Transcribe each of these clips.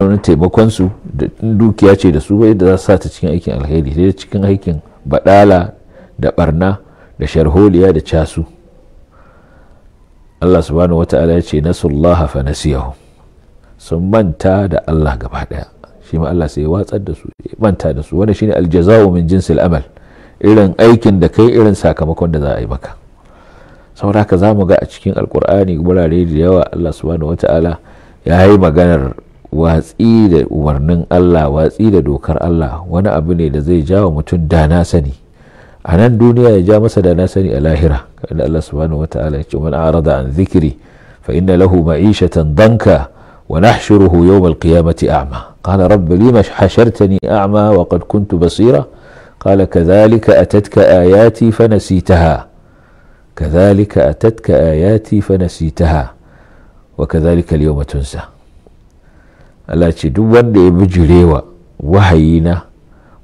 wani taimakonsu da dukiya ce da su bai da za su sa ta cikin aikin alheri sai cikin aikin baɗala, da barna da sharholiya da casu Allah subhanahu wata'ala ya ce nasullaha fa nasiyahum sun manta da Allah gaba daya shi ma Allah sai watsar da su manta da su shine aljaza'u min jinsil amal irin aikin da kai irin sakamakon da za a yi maka saboda haka za mu ga a cikin alkur'ani wurare da yawa Allah subhanahu wata'ala ya yi maganar watsi da umarnin Allah watsi da dokar Allah wani abu ne da zai jawo mutun dana sani a nan duniya ya ja masa dana sani a lahira kada Allah subhanahu wataala ya ce man arada an zikiri fa inna lahu ma'ishatan danka wa nahshuruhu yawm alqiyamati a'ma qala rabbi lima hashartani a'ma wa qad kuntu basira qala kadhalika atatka ayati fanasitaha kadhalika atatka ayati fanasitaha wa kadhalika al-yawma tunsa Allah ce duk wanda ya bijirewa wahayina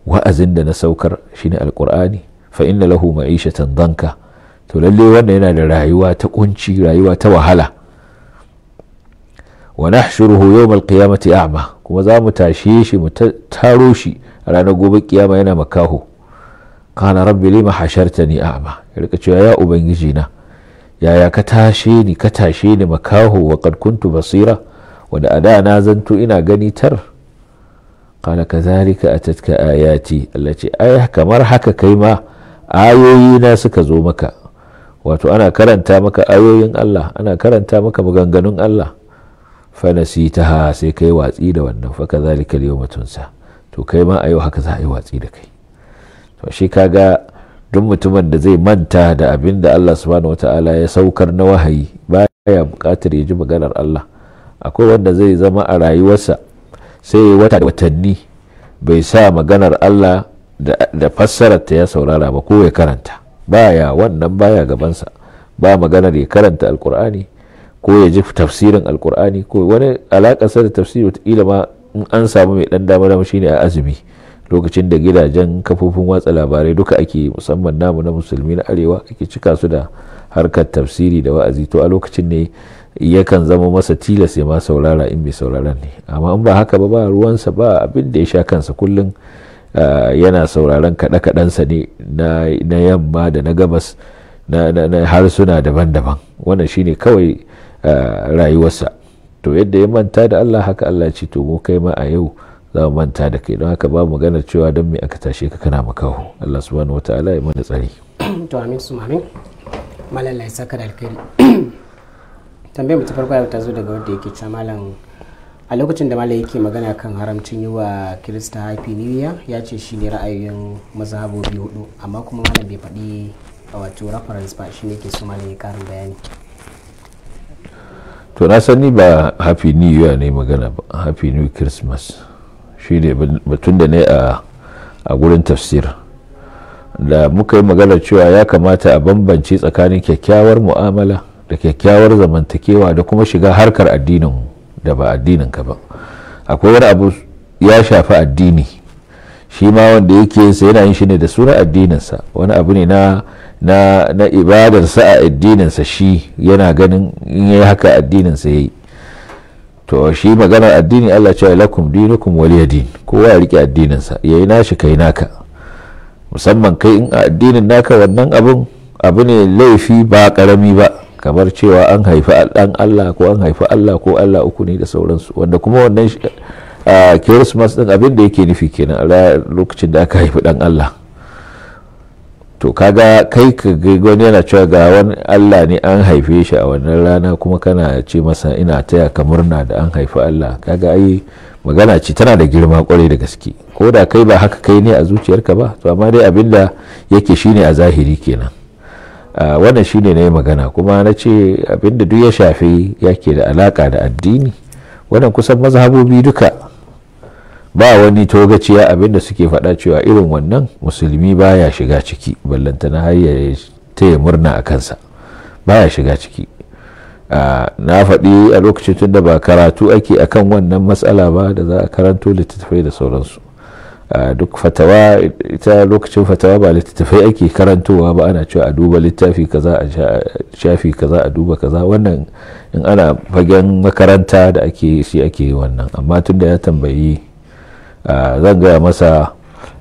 wa'azin da na saukar shine alkur'ani fa inna lahu ma'ishatan danka to lalle wanda yana da rayuwa ta kunci rayuwa ta wahala wa nahshuruhu yawm alqiyamati a'ma kuma za mu tashe shi mu taro shi ranar gobe kiyama yana makaho kana rabbi lima hashartani a'ma ya rika cewa ya ubangiji na yaya ka tashe ni ka tashe ni makaho wa qad kuntu basira wadda a da na zanto ina gani tar kala ka a tatka ayati Allah ce ai kamar haka kai ma ayoyi na suka zo maka wato ana karanta maka ayoyin Allah ana karanta maka maganganun Allah ha sai kai watsi da wannan fa kadhalika al-yawma sa to kai ma a yau haka za a yi watsi da kai to shi kaga duk mutumin da zai manta da abin da Allah subhanahu wata'ala ya saukar na wahayi baya bukatar ya ji maganar Allah akwai wanda zai zama a rayuwarsa sai ya wata da watanni bai sa maganar Allah da fassarar ta ya saurara ba ko ya karanta baya wannan baya gabansa ba maganar ya karanta alkur'ani ko ya ji tafsirin alkur'ani ko wani alakarsa da tafsiri wata ma in an samu mai ɗan dama dama ne a azumi lokacin da gidajen kafofin watsa labarai duka ake musamman namu na musulmi na arewa ake cika su da harkar tafsiri da wa'azi to a lokacin ne yakan zama masa tilas ya ma saurara in mai sauraron ne amma in ba haka ba ba ruwansa ba abin da ya sha kansa kullum yana sauraron kaɗe sa ne na yamma da na gabas na harsuna daban-daban wannan shine kawai rayuwarsa to yadda ya manta da Allah haka Allah ce to mu kai ma a yau za mu manta da kai don haka ba mu ganar cewa don me aka tashe ka kana makaho Allah subhanahu wataala ya mana tsari to amin su saka da alkhairi tambayar ta farko ta zo daga wanda yake cewa malam a lokacin da malam yake magana kan haramcin yi wa kirista happy new ya ce shi ne ra'ayoyin biyu hudu amma kuma malam bai faɗi a wato reference ba shi ne ke so malam ya karin bayani to na sani ba happy new ne magana ba happy new christmas shi ne batun da ne a gurin tafsir da muka yi magana cewa ya kamata a bambance tsakanin kyakkyawar mu'amala da kyakkyawar zamantakewa da kuma shiga harkar addinin da ba addinin ka ba akwai wani abu ya shafi addini shi ma wanda yake sa yana yin shi ne da suna addininsa wani abu ne na na na ibadarsa a addininsa shi yana ganin in yi haka addininsa ya yi to shi maganar addini Allah cewa lakum dinukum waliya din kowa ya rike addininsa yayi nashi kai naka musamman kai in addinin naka wannan abun abu ne laifi ba karami ba kamar cewa an haifi dan Allah ko an haifi Allah ko Allah uku ne da sauransu wanda kuma wannan Christmas din abin da yake nufi kenan a lokacin da aka haifi dan Allah to kaga kai ka wani yana cewa ga wani Allah ne an haife shi a wannan rana kuma kana ce masa ina taya ka murna da an haifi Allah kaga ai magana ce tana da girma kwarai da gaske ko da kai ba haka kai ne a zuciyarka ba to amma dai abin da yake shine a zahiri kenan Ah, wannan shi ne na yi magana kuma na ce abinda duk ya shafi yake da alaka da addini wannan kusan mazhabobi duka ba wani togaciya abinda suke faɗa cewa irin wannan musulmi baya shiga ciki na har ya taya murna a kansa baya shiga ciki ah, na faɗi a lokacin tun da ba karatu ake akan wannan matsala ba da za a karanto littattafai da sauransu duk fatawa ita lokacin fatawa ba littattafai ake karantowa ba ana cewa a duba littafi kaza a shafi kaza a duba kaza wannan in ana fagen makaranta da ake shi ake wannan amma tun da ya tambayi zan gaya masa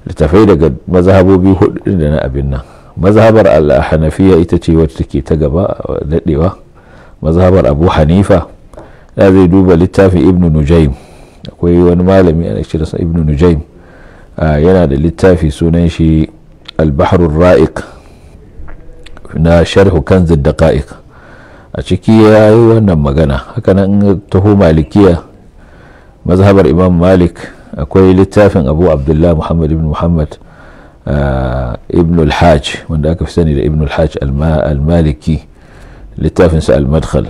littattafai daga mazhabobi hudu da na abin nan mazhabar alahanafiya ita ce wacce take ta gaba daɗewa mazhabar abu hanifa ya zai duba littafin ibnu nujaim akwai wani malami ana shirasa ibnu nujaim Ah, yana da littafi sunan shi albaharun na sharhu kan daƙa'iq a ciki ya yi wannan magana hakanan taho malikiya mazhabar imam malik akwai littafin abu abdullah muhammad ibn muhammad ah, ibn al-hajj wanda aka fi sani da ibn al-hajj al-maliki littafinsa al-madkhal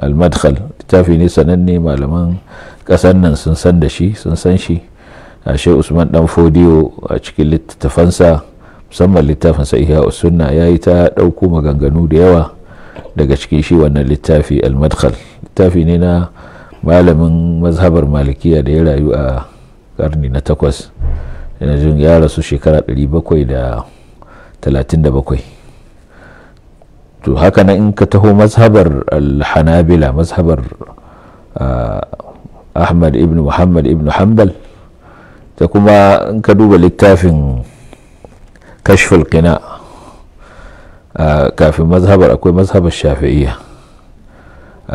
al-madkhal littafi ne sananne malaman ƙasar nan sun san da shi sun san shi ashe usman dan fodiyo a cikin littattafansa musamman littafinsa ihya sunna ya yi ta ɗauko maganganu da yawa daga cikin shi wannan littafi almadkhal littafi ne na malamin mazhabar malikiya da ya rayu a karni na takwas yana jin ya rasu shekara 737 to haka na in ka taho mazhabar hanabila mazhabar ah, ahmad ibn muhammad ibn hanbal ta kuma in ka duba littafin kashful kina' kafin mazhabar akwai mazhabar shafi'iyya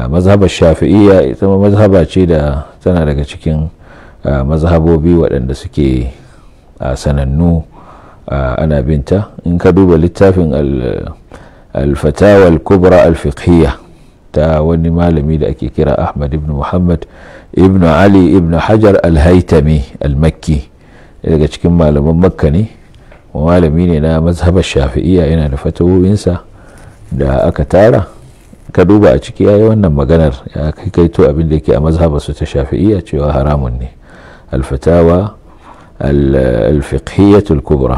mazhabar shafi'iyya ita ma mazhaba ce da tana daga cikin mazhabobi waɗanda suke sanannu ana binta in ka duba littafin alfatawal kubra al ta wani malami da ake kira ahmad ibn muhammad ibnu ali ibnu hajar al almakki al-makki daga cikin malaman makka ne malami ne na mazhabar shafi'iyya yana da fatawoyinsa da aka tara ka duba a ciki yayi wannan maganar ya kai kaito abin da yake a mazhabar su ta shafi'iyya cewa haramun ne alfatawa fatawa kubra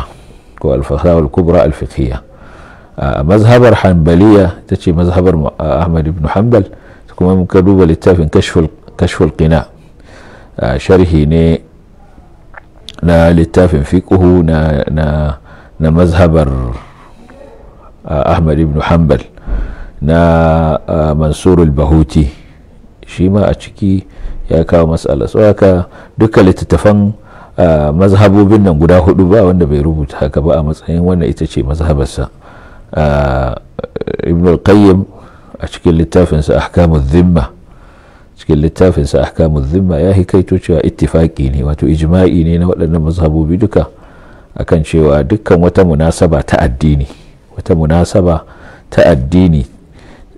ko al kubra al a mazhabar hanbaliya ta ce mazhabar ahmad ibn hanbal kuma ka duba littafin kashful kashful qina ah, sharhi ne na littafin fiqhu na na mazhabar ah, ahmad ibnu hambal na ah, mansur al-bahuti shi ma a ciki ya kawo matsala so duka littattafan mazhabobin nan guda hudu ba wanda bai rubuta haka ba a matsayin wannan ita ce mazhabarsa ibn al-qayyim a cikin littafinsa ahkamu dhimma cikin littafin sa ahkamu zimma ya hikaito cewa ittifaqi ne wato ijma'i ne na waɗannan mazhabobi duka akan cewa dukkan wata munasaba ta addini wata munasaba ta addini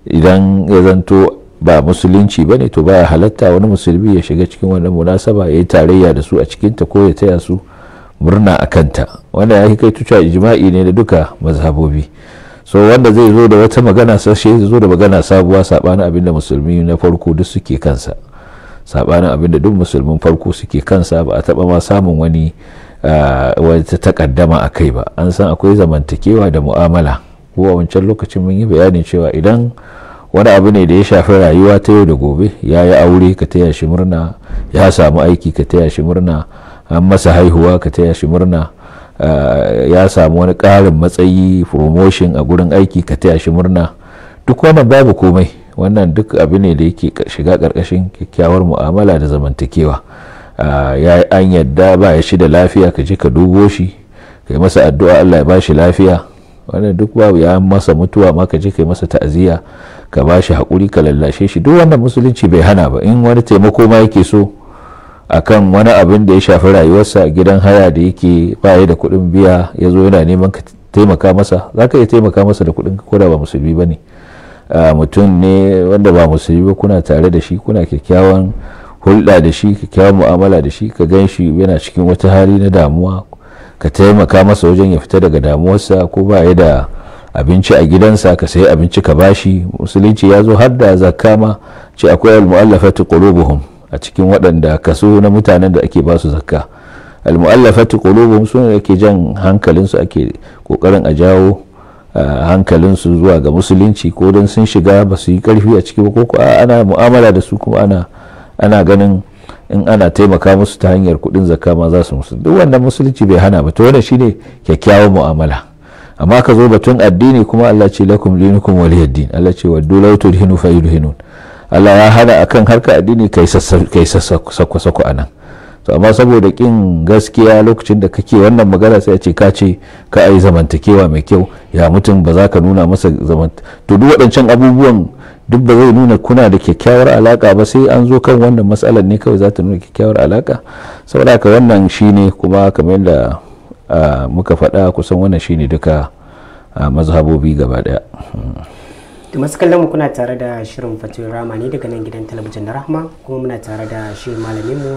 idan ya zanto ba musulunci ba ne to baya halatta wani musulmi ya shiga cikin wannan munasaba ya yi tarayya da su a cikinta ko ya taya su murna a kanta wanda ya hikaito cewa ijma'i ne da duka mazhabobi so wanda zai zo da wata magana sashe zai zo da magana sabuwa sabanin abin da musulmi na farko duk suke kansa sabanin abin da duk musulmin farko suke kansa ba a taba ma samun wani wata takaddama a kai ba an san akwai zamantakewa da mu'amala ko a wancan lokacin mun yi bayanin cewa idan wani abu ne da ya shafi rayuwa ta yau da gobe ya yi aure ka taya shi murna ya samu aiki ka taya shi murna an masa haihuwa ka taya shi murna Eh, ya samu wani ƙarin matsayi promotion a gurin aiki ka taya shi murna duk wannan babu komai wannan duk abu ne da yake shiga karkashin kyakkyawar mu'amala da zamantakewa eh, ya yi an yadda ba ya shi da lafiya ka ji ka dubo shi ka yi masa addu'a Allah ya ba shi lafiya wannan duk babu ya masa mutuwa ma ka ji ka yi masa ta'aziyya ka ba shi haƙuri ka lallashe shi duk wannan musulunci bai hana ba in wani taimako ma yake so akan wani abin da ya shafi rayuwarsa gidan haya da yake baya da kuɗin biya ya zo yana neman ka taimaka masa za ka iya taimaka masa da kuɗin koda ba musulmi ba ne mutum ne wanda ba musulmi ba kuna tare da shi kuna kyakkyawan hulɗa da shi kyakkyawan mu'amala da shi ka gan shi yana cikin wata hali na damuwa ka taimaka masa wajen ya fita daga damuwarsa ko ba ya da abinci a gidansa ka sayi abinci ka bashi musulunci ya zo har da zakka ma ce akwai al-mu'allafatu qulubuhum a cikin waɗanda kaso na mutanen da ake basu zakka almu'allafati qulubuhum sune ake jan hankalinsu ake kokarin a jawo su zuwa ga musulunci ko don sun shiga ba su yi karfi a ciki ba ko ana mu'amala da su kuma ana ana ganin in ana taimaka musu ta hanyar kuɗin zakka ma za su musu duk wannan musulunci bai hana ba to wannan shine kyakkyawan mu'amala amma ka zo batun addini kuma Allah ce lakum dinukum waliyad Allah ce waddu law tudhinu fayudhinun Allah ya hana akan harka addini kai sako a nan to amma saboda kin gaskiya lokacin da kake wannan magana sai a ce ka ce ka ai zamantakewa mai kyau ya mutum ba za ka nuna masa zaman to duk waɗancan abubuwan duk ba zai nuna kuna da kyakkyawar alaka ba sai an zo kan wannan matsalar ne kawai za ta nuna kyakkyawar alaka saboda haka wannan shine kuma kamar yadda ah, muka faɗa kusan wannan shine duka ah, mazhabobi gaba ɗaya hmm. Da masu kallon mu kuna tare da shirin Fatir Rama ne daga nan gidan talabijin na Rahma kuma muna tare da shi malamin mu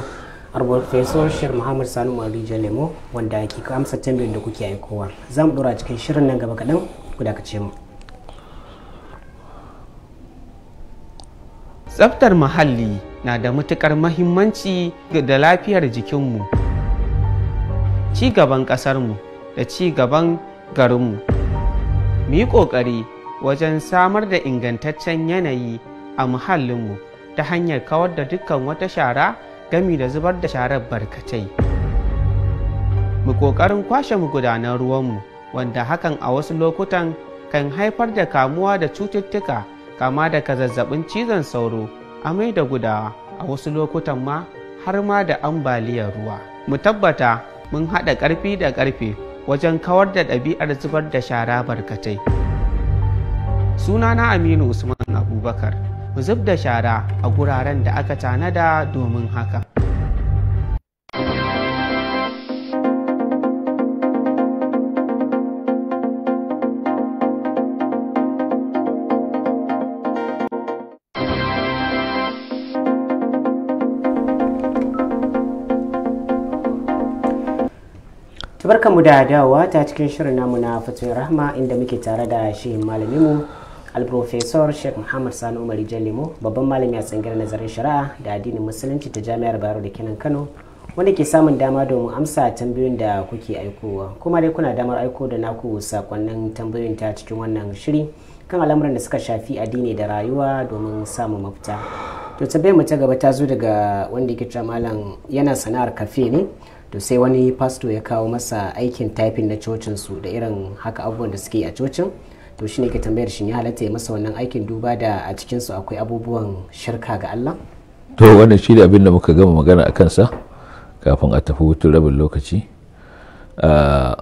Professor Shir Muhammad Sanu Marija Lemo wanda ke amsa tambayar da kuke aikowa. Za mu dora cikin shirin nan gaba kaɗan ku dakace mu. Tsaftar muhalli na da matuƙar mahimmanci da lafiyar jikinmu, ci gaban ƙasarmu da ci gaban garinmu. Mu yi ƙoƙari wajen samar da ingantaccen yanayi a muhallinmu ta hanyar kawar da dukkan wata shara gami da zubar da sharar barkatai mu ƙoƙarin kwashe mu gudanar ruwanmu wanda hakan a wasu lokutan kan haifar da kamuwa da cututtuka kama daga zazzabin cizon sauro amai da gudawa a wasu lokutan ma har ma da ambaliyar ruwa mu tabbata mun haɗa ƙarfi da ƙarfe wajen kawar da ɗabi'ar zubar da shara barkatai. sunana aminu usman abubakar mu zub da shara a guraren da aka tanada domin haka mu da dawowa ta cikin shirin namu na fatoyin rahma inda muke tare da shi malaminmu alprofesor sheikh muhammad sani umar lemo babban malami a tsangar nazarin shari'a da addinin musulunci ta jami'ar bayero da kenan kano wanda ke samun dama domin amsa tambayoyin da kuke aikowa kuma dai kuna damar aiko da naku sakonnin tambayoyin ta cikin wannan shiri kan al'amuran da suka shafi addini da rayuwa domin samun mafita to tabbai mu ta gaba ta zo daga wanda yake cewa malam yana sana'ar kafe ne to sai wani pasto ya kawo masa aikin typing na cocin su da irin haka abubuwan da suke a cocin to shine ke tambayar shin ya halatta ya masa wannan aikin duba da a cikin su akwai abubuwan shirka ga Allah to wannan shi ne abin da muka gama magana a kansa kafin a tafi wutar rabin lokaci ah,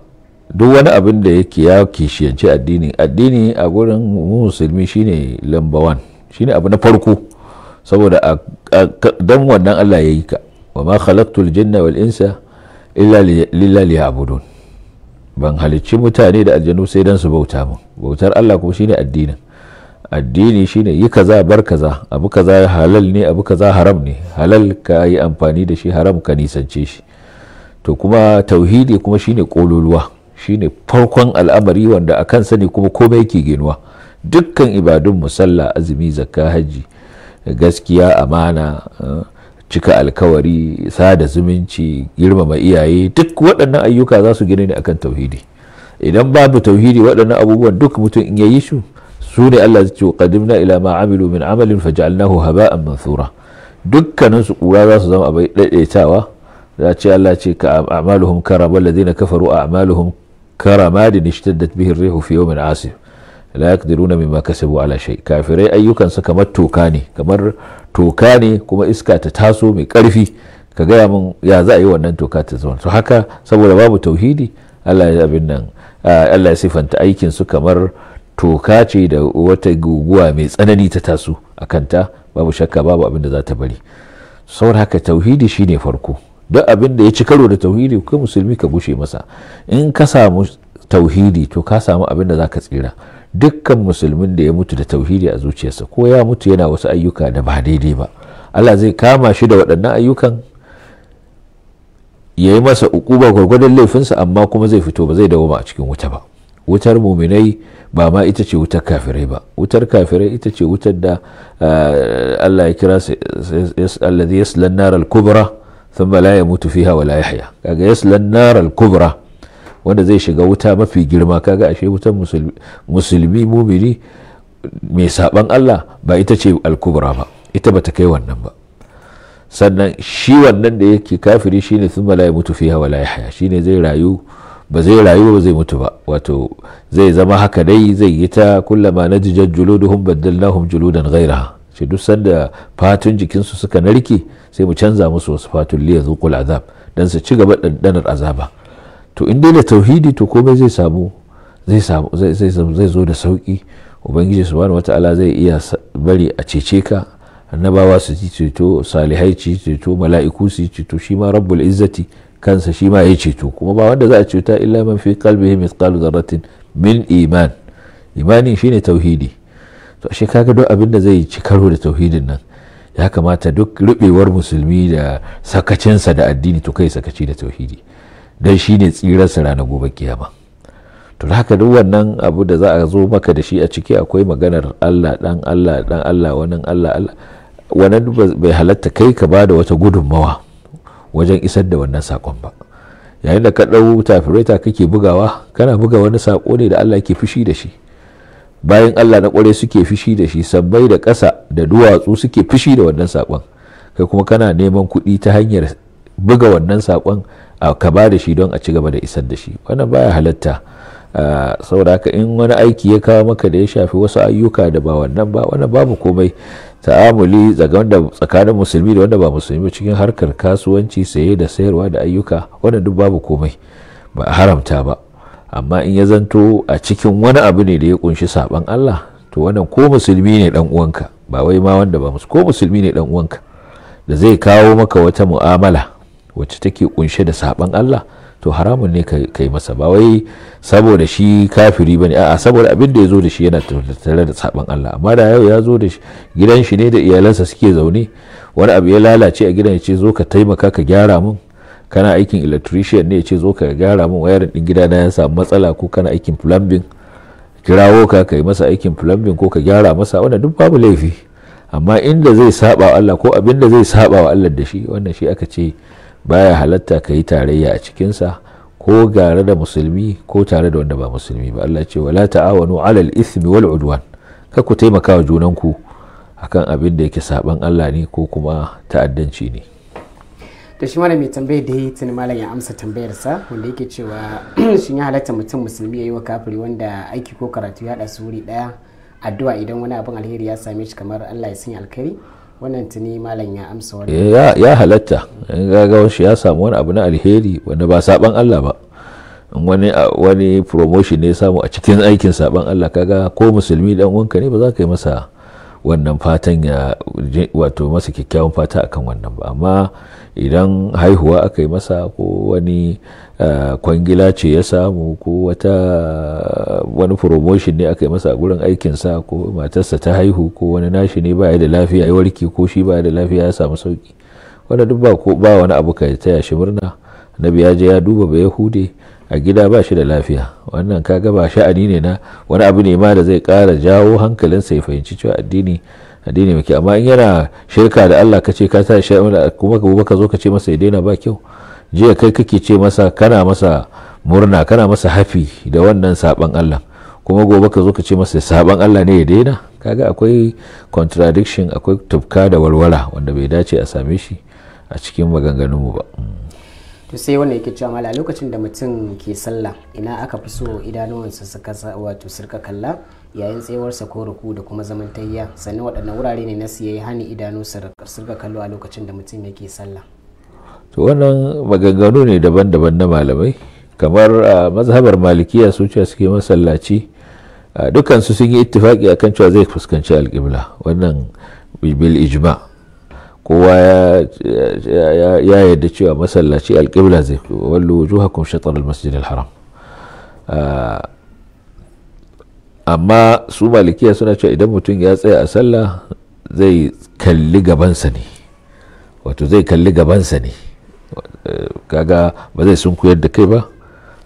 duk wani abin da yake ya kishiyanci addini addini a gurin musulmi shine lamba wan shine abu na farko saboda dan wannan Allah ya yi ka wa ma khalaqtul jinna wal insa illa lillah abudun ban halicci mutane da aljanu sai don su bauta min bautar Allah kuma shine addinin addini shine yi kaza bar kaza abu kaza halal ne abu kaza haram ne halal ka yi amfani da shi haram ka nisance shi to kuma tauhidi kuma shine kololuwa shine farkon al'amari wanda a kansa ne kuma komai ke ginuwa dukkan ibadun musalla azumi zakka hajji gaskiya amana uh, cika alkawari sada zumunci girmama iyaye duk waɗannan ayyuka za su gina ne akan tauhidi idan babu tauhidi waɗannan abubuwan duk mutum in yayi su su ne Allah ya ce qadimna ila ma amilu min amalin faj'alnahu haba'an mansura dukkanin su kura za su zama abai daidaitawa za ce Allah ce ka a'maluhum karama alladhina kafaru a'maluhum da ishtaddat bihi ar-rihu fi yawmin asif la yaqdiruna mimma kasabu ala shay kafirai ayyukan su kamar toka ne kamar toka ne kuma iska ta taso mai karfi ka gaya mun ya za a yi wannan toka ta zama to haka saboda babu tauhidi Allah ya abin nan Allah ya sifanta aikin su kamar toka ce da wata guguwa mai tsanani ta taso a kanta babu shakka babu abin da za ta bari saboda haka tauhidi shine farko duk abin da ya ci karo da tauhidi ko musulmi ka gushe masa in ka samu tauhidi to ka samu abin da za ka tsira dukkan musulmin da ya mutu da tauhidi a zuciyarsa ko ya mutu yana wasu ayyuka da ba daidai ba Allah zai kama shi da waɗannan ayyukan ya yi masa ukuba gwargwadon laifinsa amma kuma zai fito ba zai dawo a cikin wuta ba wutar muminai ba ma ita ce wutar kafirai ba wutar kafirai ita ce wutar da eh, Allah ya kira alladhi yaslan nar kubra thumma la yamutu fiha wa la yahya kaga yaslan nar kubra wanda zai shiga wuta mafi girma kaga ashe wutan musulmi mumini mai saban Allah ba ita ce alkubra ba ita bata kai wannan ba sannan shi wannan da yake kafiri shine sun la ya mutu fiha wala ya haya shine zai rayu ba zai rayu ba zai mutu ba wato zai zama haka dai zai yi ta kullama na jijar na baddalnahum juludan ghairaha shi duk sanda fatun jikinsu suka narke sai mu canza musu wasu fatun liya zuqul azab don su ci gaba ɗanɗanar azaba to in dai da tauhidi to komai zai samu zai zo da sauki ubangiji wata wata'ala zai iya bari a cece ka annabawa su ci ceto salihai ci ceto mala'iku su ceto shi ma rabbul izzati kansa shi ma ya ceto kuma ba wanda za a ceta illa man fi qalbihi mithqal dharratin min iman imani shine tauhidi to ashe kaga duk abin da zai ci karo da tauhidin nan ya kamata duk rubewar musulmi da sakacinsa da addini to kai sakaci da tauhidi don shi ne tsirarsa ranar gobe kiyama to haka duk wannan abu da za a zo maka da shi a ciki akwai maganar allah dan allah dan allah wannan allah allah wannan bai halatta kai ka ba da wata gudunmawa wajen isar da wannan sakon ba yayin da ka ɗau tafireta kake bugawa kana buga wani sako ne da allah ke fushi da shi bayan allah na kware suke fushi da shi sabbai da ƙasa da duwatsu suke fushi da wannan sakon kai kuma kana neman kuɗi ta hanyar buga wannan sakon ka ba da shi don a ci gaba da isar da shi wannan baya halatta saboda haka in wani aiki ya kawo maka da ya shafi wasu ayyuka da ba wannan ba wannan babu komai ta'amuli tsakanin musulmi da wanda ba musulmi cikin harkar kasuwanci saye da sayarwa da ayyuka wannan duk babu komai ba a haramta ba amma in ya zanto a cikin wani abu ne da ya kunshi saban Allah to wannan ko musulmi ne dan uwanka ba wai ma wanda ba ko musulmi ne dan uwanka da zai kawo maka wata mu'amala wacce take kunshe da saban Allah to haramun ne ka yi masa ba wai saboda shi kafiri bane a'a saboda abin da ya zo da shi yana tattare da saban Allah amma da yau ya zo da gidan shi ne da iyalansa suke zaune wani abu ya lalace a gidan ya ce zo ka taimaka ka gyara mun kana aikin electrician ne ya ce zo ka gyara mun wayarin din gida na ya samu matsala ko kana aikin plumbing kirawo ka kai masa aikin plumbing ko ka gyara masa wanda duk babu laifi amma inda zai saba wa Allah ko abinda zai saba wa Allah da shi wannan shi aka ce baya halatta ka yi tarayya a cikinsa ko gare da musulmi ko tare da wanda ba musulmi ba Allah ce wala ta'awanu alal ismi wal udwan ka ku taimaka wa junanku akan abin da yake saban Allah ne ko kuma ta'addanci ne to shi mai tambayar da yi tuni malam ya amsa tambayar sa wanda yake cewa shin ya halatta mutum musulmi yayi wa kafiri wanda aiki ko karatu ya hada su wuri daya addu'a idan wani abin alheri ya same shi kamar Allah ya sanya alkhairi wannan tuni malam ya amsa wani eh, ya halatta in gagawar shi ya samu wani abu na alheri wanda ba saban Allah ba wani wani promotion ne samu a cikin aikin saban Allah kaga ko musulmi dan wanka ne ba za ka yi masa wannan fatan ya wato masa kyakkyawan fata akan wannan ba amma idan haihuwa aka yi masa ko wani kwangila ce ya samu ko wata wani promotion ne aka yi masa a gurin aikinsa ko matarsa ta haihu ko wani nashi ne baya da lafiya ya warke ko shi baya da lafiya ya samu sauki wanda duk ba wani abu ka taya shi murna na ya je ya duba ba ya hude. a gida ba shi da lafiya wannan kaga ba sha'ani ne na wani abu ne ma da zai kara jawo hankalin sai fahimci cewa addini addini mai kyau amma in yana shirka da Allah kace ce ka sa shi kuma ka ka zo ka ce masa ya daina ba kyau jiya kai kake ce masa kana masa murna kana masa hafi da wannan saban Allah kuma gobe ka zo ka ce masa saban Allah ne ya daina kaga akwai contradiction akwai tufka da walwala wanda bai dace a same shi a cikin maganganunmu ba hmm. to sai wannan yake cewa mala lokacin da mutum ke sallah ina aka fi so idanuwansa kasa wato sirka kalla yayin tsayuwarsa ko ruku da kuma zaman tayya sannan waɗannan wurare ne na siya hani idanu sirka kallo a lokacin da mutum yake sallah to wannan maganganu ne daban-daban na malamai kamar a mazhabar malikiya su ce suke masallaci dukkan su sun yi ittifaki akan cewa zai fuskanci alƙibla wannan bil ijma' kowa ya yarda cewa masallaci alƙibla zai fi wallo wujuhakum shatar masjid haram ah, amma su malikiya suna cewa idan mutum ya tsaya a sallah zai kalli gabansa ne wato zai kalli gabansa ne kaga ba zai sun koyar da kai ba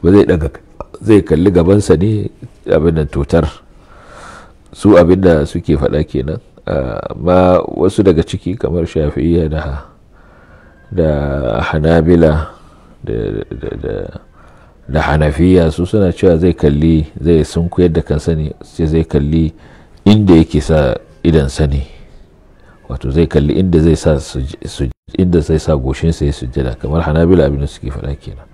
ba zai daga zai kalli gabansa ne abin da tutar su abin da suke faɗa kenan Ah, ma wasu daga ciki kamar shafi'iyya da da hanabila da hanafiya su suna cewa zai kalli zai sun da kan sani sai zai kalli inda yake sa idan sani wato zai kalli inda zai sa goshinsa ya sujjada kamar hanabila abin da suke faɗa kenan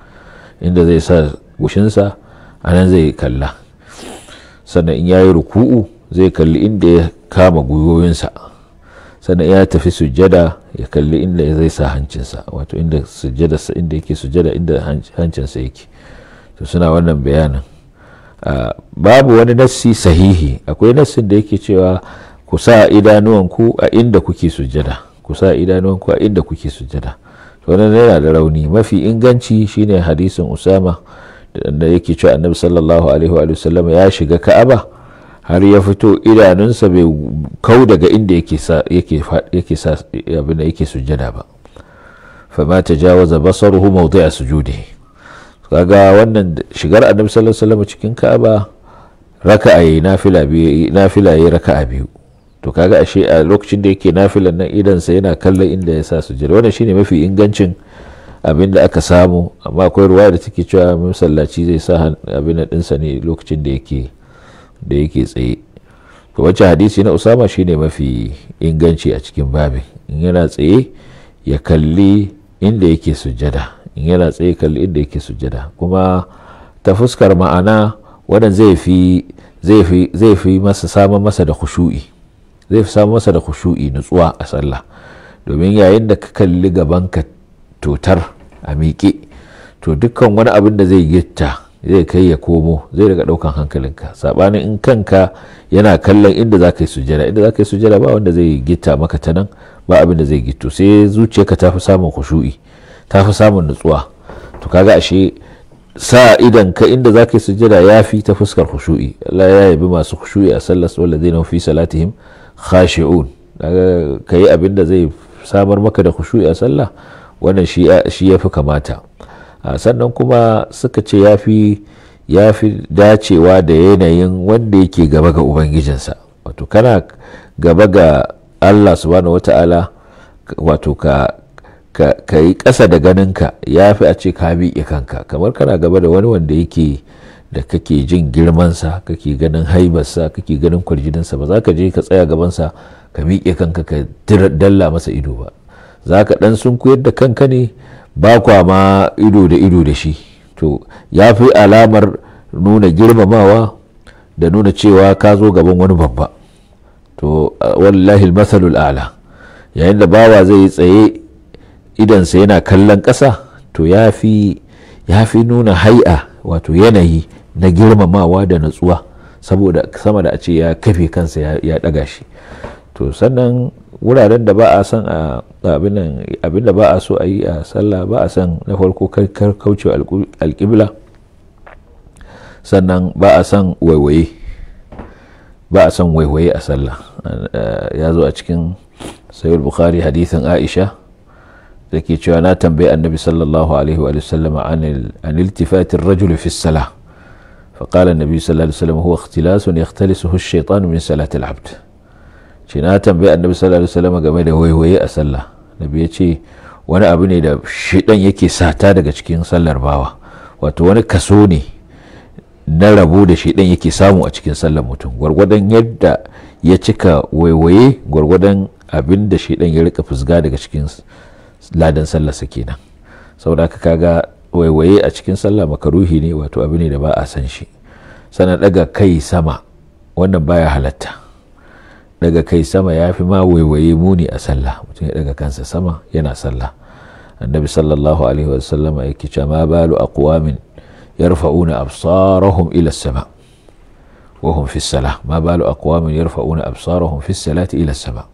inda zai sa goshinsa a nan zai kalla sannan in yayi ruku'u zai kalli inda ya kama gwiwoyinsa sannan ya tafi sujada ya kalli inda zai sa hancinsa wato inda yake sujjada inda hancinsa yake to suna wannan bayanin babu wani nassi sahihi akwai nassin da yake cewa ku sa idanuwanku a inda kuke sujjada ku sa idanuwanku a inda kuke sujada to wannan yana da rauni mafi inganci shine hadisin usama da yake cewa annabi sallallahu alaihi wa sallam ya shiga ka'aba har ya fito idanunsa bai kau daga inda yake sujada ba fama ta jawaza basaruhu mawdi a sujudi kaga wannan shigar annabi sallallahu alaihi wasallam cikin ka'aba raka'a nafila biyu nafila raka raka'a biyu to kaga ashe a lokacin da yake nafilan nan idansa yana kallon inda ya sa sujjada wannan shine mafi ingancin abin da aka samu amma akwai ruwa da take cewa masallaci zai sa abin dinsa ne lokacin da yake da yake tsaye to wacce hadisi na usama shine mafi inganci a cikin babin in yana tsaye ya kalli inda yake sujjada in yana tsaye kalli inda yake sujjada kuma ta fuskar ma'ana wannan zai fi zai fi zai fi masa samun masa da khushu'i zai fi samun masa da khushu'i nutsuwa a sallah domin yayin da ka kalli gaban ka totar a miƙe to dukkan wani abin da zai gitta zai kai ya komo zai daga daukan hankalinka sabanin in kanka yana kallon inda za ka yi sujada inda za ka yi sujada ba wanda zai gita maka ta nan ba abin da zai gito sai zuciyarka ta fi samun kushu'i ta fi samun nutsuwa to ga ashe sa idan ka inda za ka yi sujada ya fi ta fuskar kushu'i Allah ya yabi masu kushu'i a sallar su wallazina fi salatihim khashi'un ka yi abin da zai samar maka da kushu'i a sallah wannan shi ya fi kamata Ah, sannan kuma suka ce ya fi dacewa da yanayin wanda yake gaba ga ubangijinsa wato kana gaba ga allah subhanahu wata'ala wato ka ka yi ƙasa da ganinka ya fi a ce ka miƙe kanka kamar kana gaba da wani wanda yake da kake jin girmansa kake ganin haibarsa kake ganin kwarjininsa ba za ka je ka tsaya gabansa ka miƙe kanka ka dalla masa ido ba za ka ɗan sun koyar da kanka ne ba kwa ma ido da ido da shi to ya fi alamar nuna girmamawa da nuna cewa ka zo gaban wani babba to wallahi masalul ala yayin da bawa zai tsaye idansa yana kallon ƙasa to ya fi nuna hai'a wato yanayi na girmamawa da natsuwa saboda sama da a ce ya kafe kansa ya ɗaga shi to sannan wuraren da ba a san. a abinda ba a so a yi a sallah ba a san na farko karkar kauce alƙibla sannan ba a san waiwaye ba a san waiwaye a sallah ya zo a cikin sayar bukhari hadithin aisha da ke cewa na tambayi annabi sallallahu alaihi wa sallama an iltifatin rajul fi salah فقال sallallahu صلى الله عليه وسلم هو اختلاس يختلسه الشيطان من صلاة العبد ce na tambayi annabi sallallahu alaihi wasallam game da waiwaye a sallah nabi ya ce wani abu ne da shidan yake sata daga cikin sallar bawa wato wani kaso ne na rabu da shidan yake samu a cikin sallar mutum gwargwadon yadda ya cika waiwaye gwargwadon abin da shidan ya rika fusga daga cikin ladan sallar sa kenan saboda haka kaga waiwaye a cikin sallah makaruhi ne wato abu ne da ba a san shi sana daga kai sama wannan baya halatta daga kai sama ya fi ma waiwaye muni a sallah mutum ya daga kansa sama yana sallah annabi sallallahu alaihi wasallam ya kice ma balu aqwamin yarfa'una absarahum ila sama wa hum fi salah ma balu aqwamin yarfa'una absarahum fi salati ila sama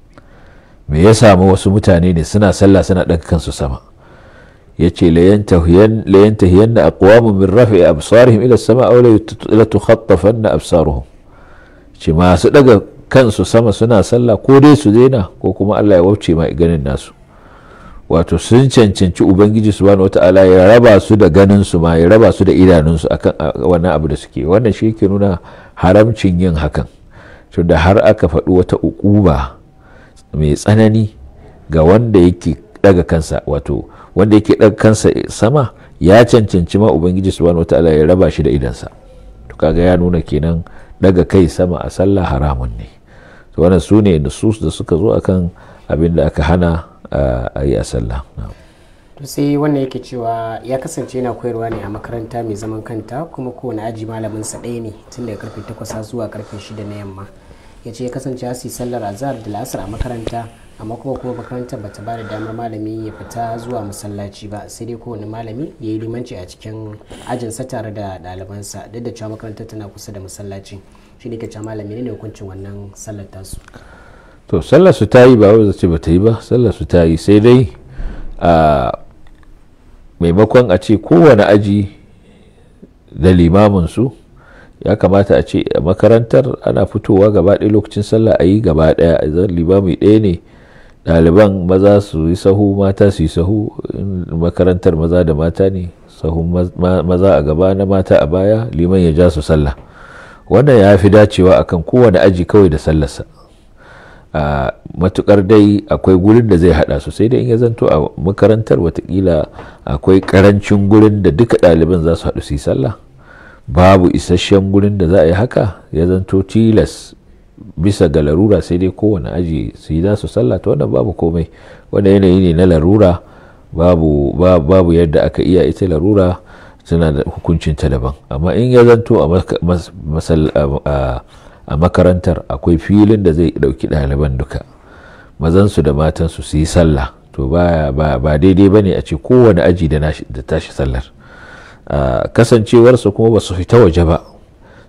me ya samu wasu mutane ne suna sallah suna daga kansu sama yace la yantahiyanna aqwamun min rafi'i absarihim ila sama aw la tukhattafanna absaruhum ce masu daga kansu sama suna sallah ko dai su daina ko kuma Allah ya wuce ma ganin nasu wato sun cancanci ubangiji subhanahu wata'ala ya raba su da ganin su ma ya raba su da idanunsu akan wannan abu da suke wannan shi yake nuna haramcin yin hakan To da har aka faɗi wata ukuba mai tsanani ga wanda yake daga kansa wato wanda yake daga kansa sama ya cancanci ma ubangiji subhanahu wata'ala ya raba shi da idansa to kaga ya nuna kenan daga kai sama a sallah haramun ne to wannan su ne su da suka zo akan abin da aka hana a yi a sallah to sai wannan yake cewa ya kasance yana koyarwa ne a makaranta mai zaman kanta kuma kowane aji malamin sa ɗaya ne tun daga karfe 8 zuwa karfe 6 na yamma ya ce ya kasance su sallar azhar da la'asar a makaranta amma kuma kuma makarantar bata ba da damar malami ya fita zuwa masallaci ba sai dai kowane malami ya yi limanci a cikin ajinsa tare da ɗalibansa duk da cewa makarantar tana kusa da masallaci shi ne ka cewa malam ne hukuncin wannan sallar tasu to sallar su ta yi ba wai zace ba ta yi ba sallar su ta yi sai dai a maimakon a ce kowane aji da limamin su ya kamata a ce a makarantar ana fitowa gaba ɗaya lokacin sallah a yi gaba ɗaya a zan limami ɗaya ne ɗaliban maza su yi sahu mata su yi sahu makarantar maza da mata ne sahu maza a gaba na mata a baya liman ya ja su sallah wannan ya fi dacewa akan kowane aji kawai da sallarsa matukar dai akwai gurin da zai hada su sai dai in ya zanto a makarantar watakila akwai karancin gurin da duka ɗaliban za su haɗu su yi sallah babu isasshen gurin da za a yi haka ya zanto tilas bisa ga larura sai dai kowane aji su yi za su sallah ta wannan babu komai wanda yanayi ne na larura babu yadda aka iya ita larura suna da hukuncin ta daban amma in ya zanto a makarantar akwai filin da zai ɗauki ɗaliban duka mazansu da matansu su yi sallah to ba daidai ba ne a ce kowane aji da tashi sallar kasancewarsu kuma ba su fita waje ba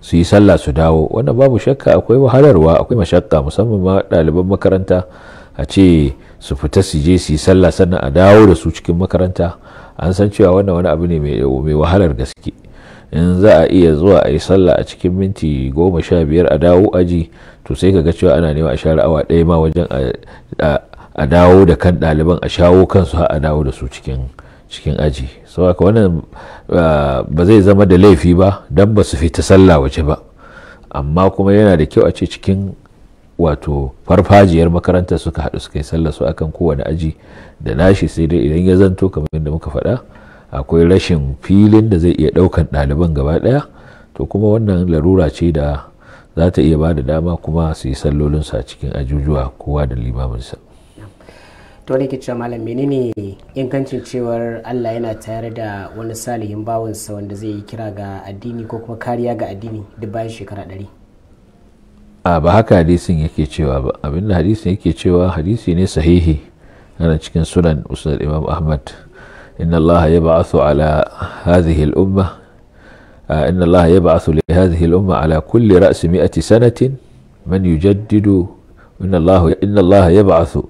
su yi sallah su dawo wannan babu shakka akwai wahalarwa akwai mashakka musamman ma ɗaliban makaranta a ce su fita su je su yi sallah sannan a dawo da su cikin makaranta an san cewa wannan wani abu ne mai wahalar gaske in za a iya zuwa a yi sallah a cikin minti goma sha biyar a dawo aji to sai ka ga cewa ana nema a share awa ɗaya ma wajen a dawo da kan ɗaliban a shawo kansu har a dawo da su cikin cikin aji sau wannan ba zai zama da laifi ba don ba su fita sallah waje ba amma kuma yana da kyau a ce cikin wato farfajiyar makarantar suka haɗu suka yi sallah su akan kowane aji da nashi sai dai idan ya zanto kamar yadda muka faɗa akwai rashin filin da zai iya ɗaukan ɗaliban gaba ɗaya to kuma wannan larura ce da za ta iya ba da dama kuma su yi sallolinsu a cikin ajujuwa kowa da limaminsa to ne ke cewa malam menene ingancin cewar allah yana tayar da wani salihin bawansa wanda zai yi kira ga addini ko kuma kariya ga addini duk bayan shekara ɗari a ba haka hadisin yake cewa ba abinda hadisin yake cewa hadisi ne sahihi yana cikin sunan usnad imam ahmad inna allah ya ba'athu ala hadhihi al-umma inna allah ya ba'athu li hadhihi al-umma ala kulli ra's mi'ati sanatin man yujaddidu inna allah inna allah ya ba'athu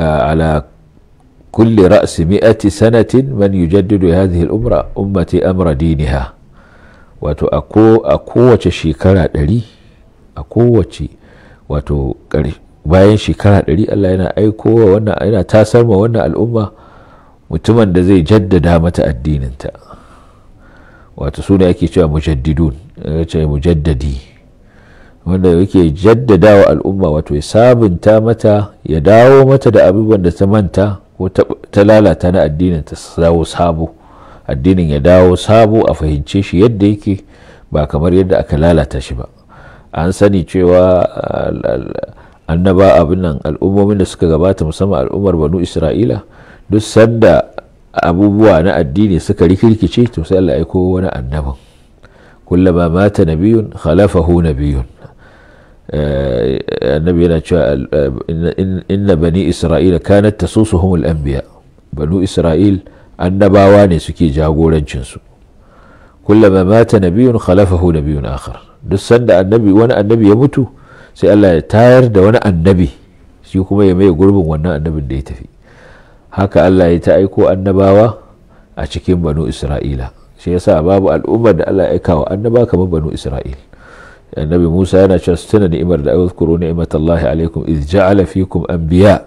ala kulli ra's mi'ati sanatin man yujaddidu hadhihi al-umra ummati amra diniha wato a kowace shekara ɗari a kowace wato bayan shekara ɗari Allah yana aiko wa wannan yana tasar ma wannan al'umma mutumin da zai jaddada mata addininta wato su ne ake cewa mujaddidun ce mujaddadi wanda yake jaddada wa al'umma wato ya sabunta mata ya dawo mata da abubuwan da ta manta ko ta lalata na addinin ta dawo sabo addinin ya dawo sabo a fahimce shi yadda yake ba kamar yadda aka lalata shi ba an sani cewa annaba abin nan al'ummomin da suka gabata musamman al'ummar banu isra'ila duk sanda abubuwa na addini suka rikirkice to sai Allah aiko wani annabin kullama mata nabiyun khalafahu nabiyun eh, annabi yana cewa inna bani isra'ila kanat tasusuhum al-anbiya banu isra'il annabawa ne suke jagorancin su kullama mata nabiyun khalafahu nabiyun akhar duk sanda annabi wani annabi ya mutu sai Allah ya tayar da wani annabi shi kuma ya maye gurbin wannan annabin da ya tafi haka Allah ya ta aiko annabawa a cikin banu Isra'ila shi yasa babu al'ummar da Allah ya aika wa annaba kamar banu Isra'il annabi Musa yana cewa su tuna ni'imar da ayyukuru ni'imatallahi alaikum iz ja'ala fikum anbiya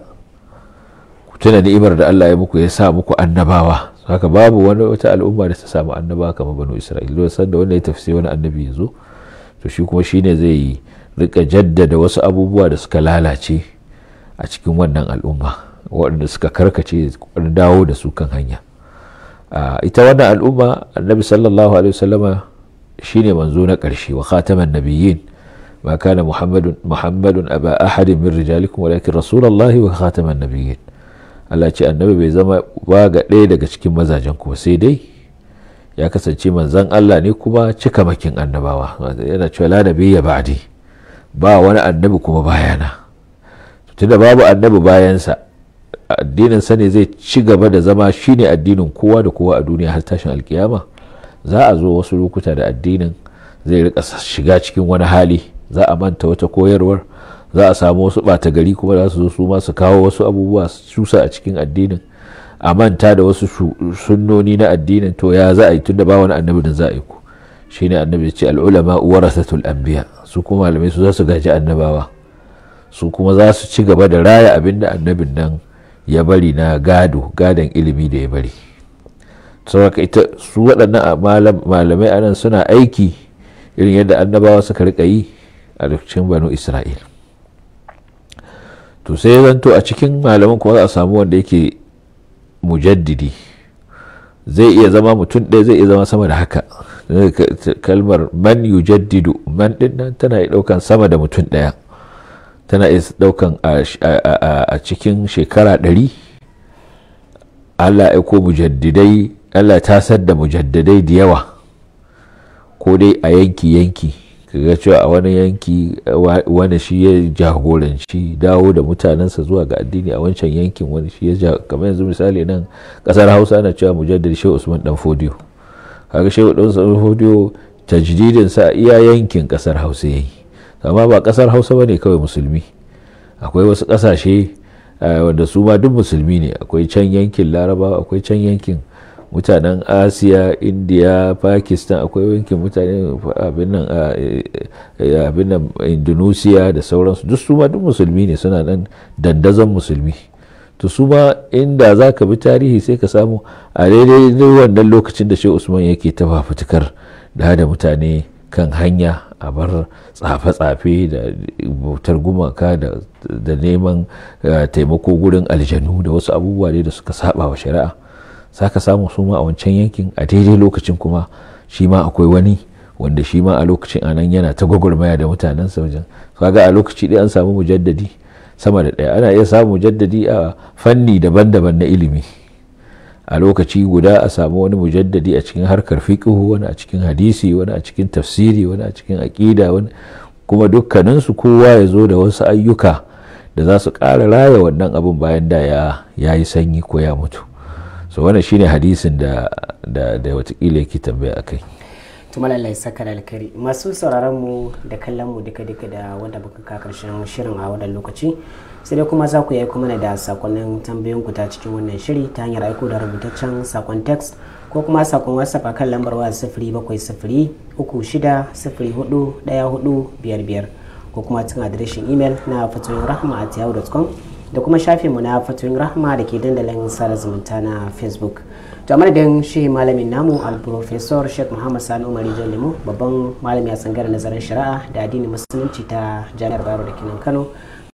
ku tuna ni'imar da Allah ya muku ya sa muku annabawa haka babu wani wata al'umma da ta samu annaba kamar banu Isra'il don sanda wanda ya tafi sai wani annabi ya zo to shi kuma shine zai yi rika jaddada wasu abubuwa da suka lalace a cikin wannan al'umma waɗanda suka karkace dawo da su kan hanya ita wannan al'umma annabi sallallahu alaihi wasallama shine manzo na ƙarshe wa khataman nabiyyin ma kana muhammadun muhammadun aba ahadin min rijalikum walakin rasulullahi wa khataman nabiyyin Allah ce annabi bai zama ba ga ɗaya daga cikin mazajen ku sai dai ya kasance manzan Allah ne kuma cika makin annabawa yana cewa la ya ba'adi ba wani annabi kuma bayana da babu annabi bayansa addinin sa ne zai ci gaba da zama shine addinin kowa da kowa a duniya har tashin alkiyama za a zo wasu lokuta da addinin zai rika shiga cikin wani hali za a manta wata koyarwar za a samu wasu ɓata gari kuma za su zo su ma su kawo wasu abubuwa su cusa a cikin addinin a manta da wasu sunnoni na addinin to ya za a yi tun da ba wani annabi da za a yi ku shine annabi ce al'ulama warasatul anbiya su kuma malamai su za su gaji annabawa su kuma za su ci gaba da raya abin da annabin nan ya bari na gado gadon ilimi da ya bari saboda ita su waɗannan malamai a nan suna aiki irin yadda annabawa suka rika yi a lokacin banu isra'il to sai zanto a cikin malaman kuma za a samu wanda yake mujaddidi zai iya zama mutum ɗaya zai iya zama sama da haka kalmar man yujaddidu man ɗin nan tana iya ɗaukan sama da mutum ɗaya tana iya ɗaukan a cikin shekara ɗari allah ya ko mujaddidai allah tasar da mujaddidai da yawa ko dai a yanki yanki kaga cewa a wani yanki wani shi ya jagoranci dawo da mutanensa zuwa ga addini a wancan yankin wani shi ya kamar yanzu misali nan kasar hausa na cewa mujaddadi shehu usman dan fodiyo kaga shehu dan fodiyo tajdidin sa iya yankin kasar hausa yayi amma ba kasar hausa bane kawai musulmi akwai wasu kasashe eh, wanda su ma duk musulmi ne akwai can yankin laraba akwai can yankin mutanen asiya indiya pakistan akwai yankin mutane abin nan indonesia da sauransu duk su ma duk musulmi ne suna nan dandazon musulmi to su ma inda za ka bi tarihi sai ka samu a daidai wannan lokacin da shi usman yake ta fafutukar da da mutane kan hanya a bar tsafe-tsafe da bautar gumaka da neman taimako gurin aljanu da wasu abubuwa da suka saba wa shari'a za ka samu su ma a wancan yankin a daidai lokacin kuma shi ma akwai wani wanda shi ma a lokacin anan yana ta gwagwarmaya da mutanen wajen kaga a lokaci ɗaya an samu mujaddadi sama da ɗaya ana iya samu mujaddadi a fanni daban-daban na ilimi a lokaci guda a samu wani mujaddadi a cikin harkar fiqhu wani a cikin hadisi wani a cikin tafsiri wani a cikin aƙida wani kuma dukkaninsu kowa ya zo da wasu ayyuka da za su ƙara raya wannan abin bayan da ya yi sanyi ko ya mutu so wannan shine hadisin da da da watakila yake tambaya akai tumar Allah ya saka da alkari masu sauraron mu da kallon mu duka duka da wanda baka ka karshen shirin a wannan lokaci sai dai kuma za ku yi kuma da sakonnin tambayoyin ku ta cikin wannan shiri ta hanyar aiko da rubutaccen sakon text ko kuma sakon whatsapp akan lambar waya sifiri bakwai sifiri uku shida sifiri hudu daya hudu biyar ko kuma cikin adireshin imel na fatoyin rahma a yahoo.com da kuma mu na fatoyin rahma da ke dandalin sada zumunta na facebook to madadin shi malamin namu al professor sheikh muhammad sani umar jan lemo babban malami a tsangar nazarin shari'a da addinin musulunci ta jami'ar bayero da kinan kano